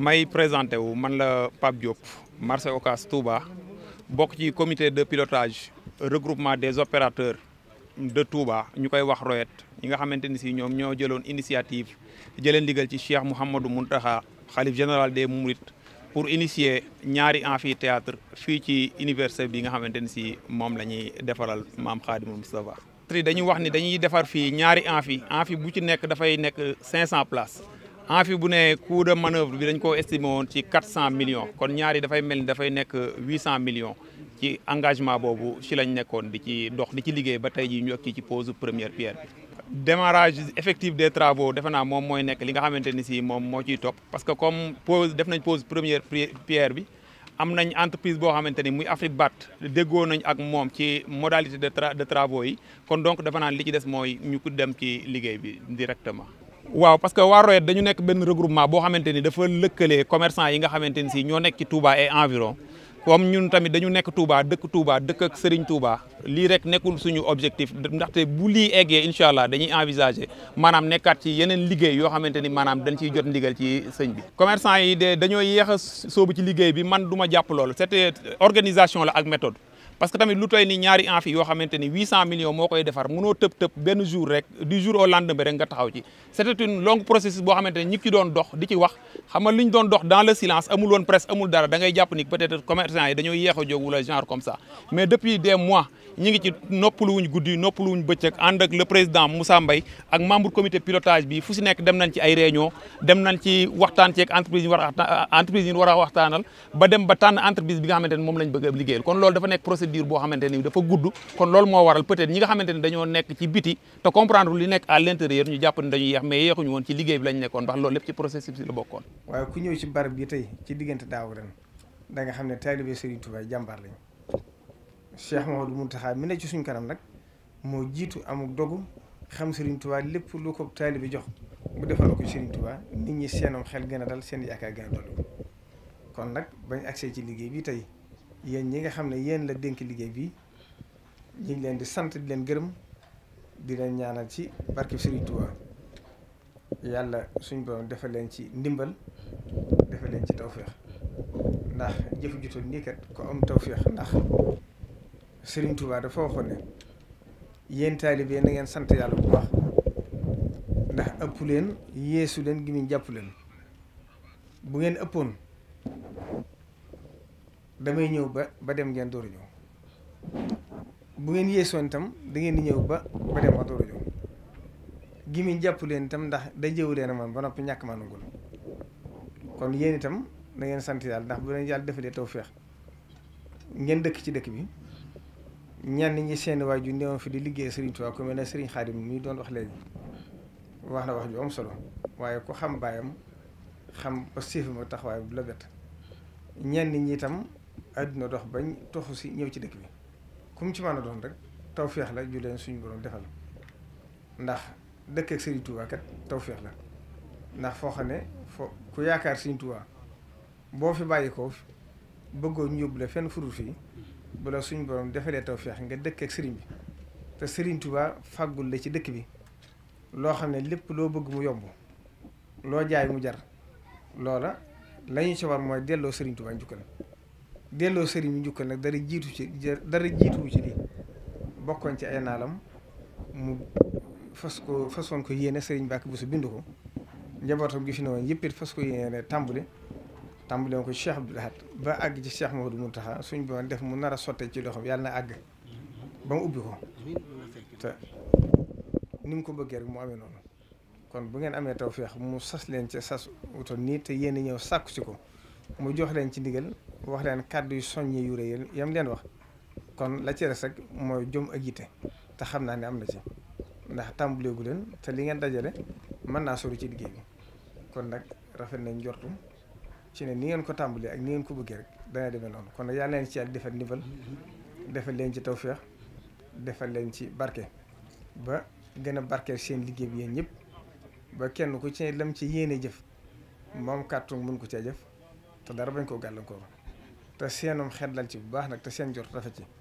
may présenté wu man la Pape Diop marché Ocass Touba bokk ci commité de pilotage regroupement des opérateurs de Touba ñu koy wax Royet ñi nga xamante ni si ñoom ñoo jëloon initiative jëlee ndigal ci Cheikh mun Mountakha xalif général des Mourides pour initier ñaari amphithéâtre fii ci université bi nga xamante ni si moom la ñuy defaral maam Khadimou Moustapha. dañuy wax ni dañuy defar fii ñaari amphi amphi bu ci nekk dafay nekk cinq 500 place amphi bu ne coût de manœuvre bi dañ ko estimé woon ci quatre cent millions kon ñaari dafay mel ni dafay nekk huit cent millions ci engagement boobu ci lañ nekkoon di ci dox di ci liggéey ba tey jii ñu ak ci pose première pierre bi. démarrage effectif des travaux defe moom mooy nekk li nga xamante ni si moom moo ciy topp parce que comme pose def nañ pose première pierre bi am nañ entreprise boo xamante ni muy Afrique Bat déggoo nañ ak moom ci modalité de travaux yi kon donc dafa li ci des mooy ñu ko dem ci liggéey bi directement. waaw parce que waa Royet dañu nekk benn regroupement boo xamante ni dafa lëkkale commerçant yi nga xamante ni si ñoo nekk ci Touba et environ comme ñun tamit dañu nekk Touba dëkk Touba dëkk ak Serigne Touba lii rek nekkul suñu objectif ndaxte bu lii eggee incha allah dañuy envisager maanaam nekkaat ci yeneen liggéey yoo xamante ni maanaam dañ ciy jot ndigal ci sëñ bi. commerçant yi de dañoo yéex a sóobu ci liggéey bi man duma ma jàpp loolu c'était organisation la ak méthode. parce que tamit lu toy ni ñaari amphi yoo xamante ni 800 millions moo koy defar mënoo tëb tëb benn jour rek du jour au lendemain rek nga taxaw ci c'était une longue processus boo xamante ne ñi doon dox di ci wax xam nga doon dox dans le silence amul woon presse amul dara da ngay jàpp ni peut yi dañoo yeex a jóg wala genre comme ça mais depuis des mois ñi ngi ci noppalu wuñ guddi noppalu wuñ bëccëg ànd ak le président Moussa Mbaye ak membre comité bi fu si nekk dem nañ ci ay réunion dem nañ ci waxtaan ceeg entreprise ñu a entreprise ñu a waxtaanal ba dem ba tànn entreprise bi nga xamante ne moo waral peut-être ñi nga xamante ne dañoo nekk ci biti te comprendre li nekk à ñu jàpp ne dañuy yeex mais yeexuñu woon ci liggéey bi lañ nekkoon ndax loolu lépp ci processus bi la bokkoon waaye ku ñëw ci barab bi tey ci diggante daaw ren da xam ne taalibe Serigne Touba jàmbaar lañ Cheikh Mouhamadou Mountakha mi ne ci suñ kanam nag moo jiitu amuk dogu xam Serigne Touba lépp lu ko bi jox bu defal ko Serigne Touba nit ñi seenom xel gën a dal seen yaakaar gën a dolli kon nag bañ agsee ci liggéey bi tey yéen ñi nga xam ne yéen la dénk liggéey bi ñu leen di sant di leen gërëm di leen ñaanal ci barke Serigne Touba yàlla suñ borom defal leen ci ndimbal defal leen ci tawféex ndax jëf jutal nii kat ko am tawféex ndax Serigne Touba dafa waxoon ne yéen taalibe na ngeen sant yàlla bu baax ndax ëpp leen yéesu leen gi ñu jàpp leen bu ngeen ëppoon damay ñëw ba ba dem ngeen door a ñëw bu ngeen yéesoon itam da ngeen di ñëw ba ba dem ma door ñëw gi ñu jàpp leen itam ndax da jëw leen a man ba noppi ñàkk maa nangul kon yéen itam na sant yàlla ndax bu leen yàlla defalee feex ngeen dëkk ci dëkk bi. ñenn ñi seen ju newoon fi di liggéey Serigne Touba ku mel ne Serigne Khadim mi doon wax léegi wax na wax ju am solo waaye ku xam baayam xam ba séefi ma taxawaay bu la bett ñenn ñi itam àdduna dox bañ toxu si ñëw ci dëkk bi kum ci mën a doon rek tawféex la ju suñu borom defal ndax dëkk ak Serigne Touba kat tawféex la ndax foo xam ne fo ku yaakaar Serigne Touba boo fi bàyyi ko bëggoon ñu yóbbu la fenn furul fii bu suñ borom defalee feex nga dëkk ak sëriñ bi te sëriñ Tuubaa fàggul la ci dëkk bi loo xam ne lépp loo bëgg mu yomb loo jaay mu jar loola la ñu war mooy delloo sëriñ Tuubaa njukkal delloo sëriñ bi njukkal nag dara jiitu ci dara jiituwu ci lii bokkoon ci ay naalam mu fas ko fasoon ko yéene sëriñ Mbàkke Buso bind ko njabootam gi fi ne woon yëpp it fas ko yéene tàmbali tàmbale woon ko Cheikh Abdoul Ahad ba àgg ci Cheikh Maodo taxa suñ boon def mu nara sottee ci loxoom yàlla na àgg ba mu ubbi ko te ni mu ko bëggee rek mu amee noonu kon bu ngeen amee taw feex mu sas leen ci sas wutal nii te yéen ñëw sàkku si ko mu jox leen ci ndigal wax leen kàddu yu soññee yu rëy yam leen wax kon la ci res mooy jom ak yitte te xam naa ne am na ci ndax tàmbaleegu leen te li ngeen dajale mën naa sori ci liggéey bi kon nag rafet nañ jortu ci ne ni ngeen ko tàmbalee ak ni ngeen ko bëggee rek dana demee noonu kon yàlla leen ci yàlla defal ndimbal defal leen ci tawféex defal leen ci barke ba gën a barkeel seen liggéey bi yéen ñëpp ba kenn ku ci lam ci yéene jëf moom kàttu mun ko cee jëf te dara bañ koo gàllankoor te seenum xel dal ci bu baax nag te seen jot rafet ci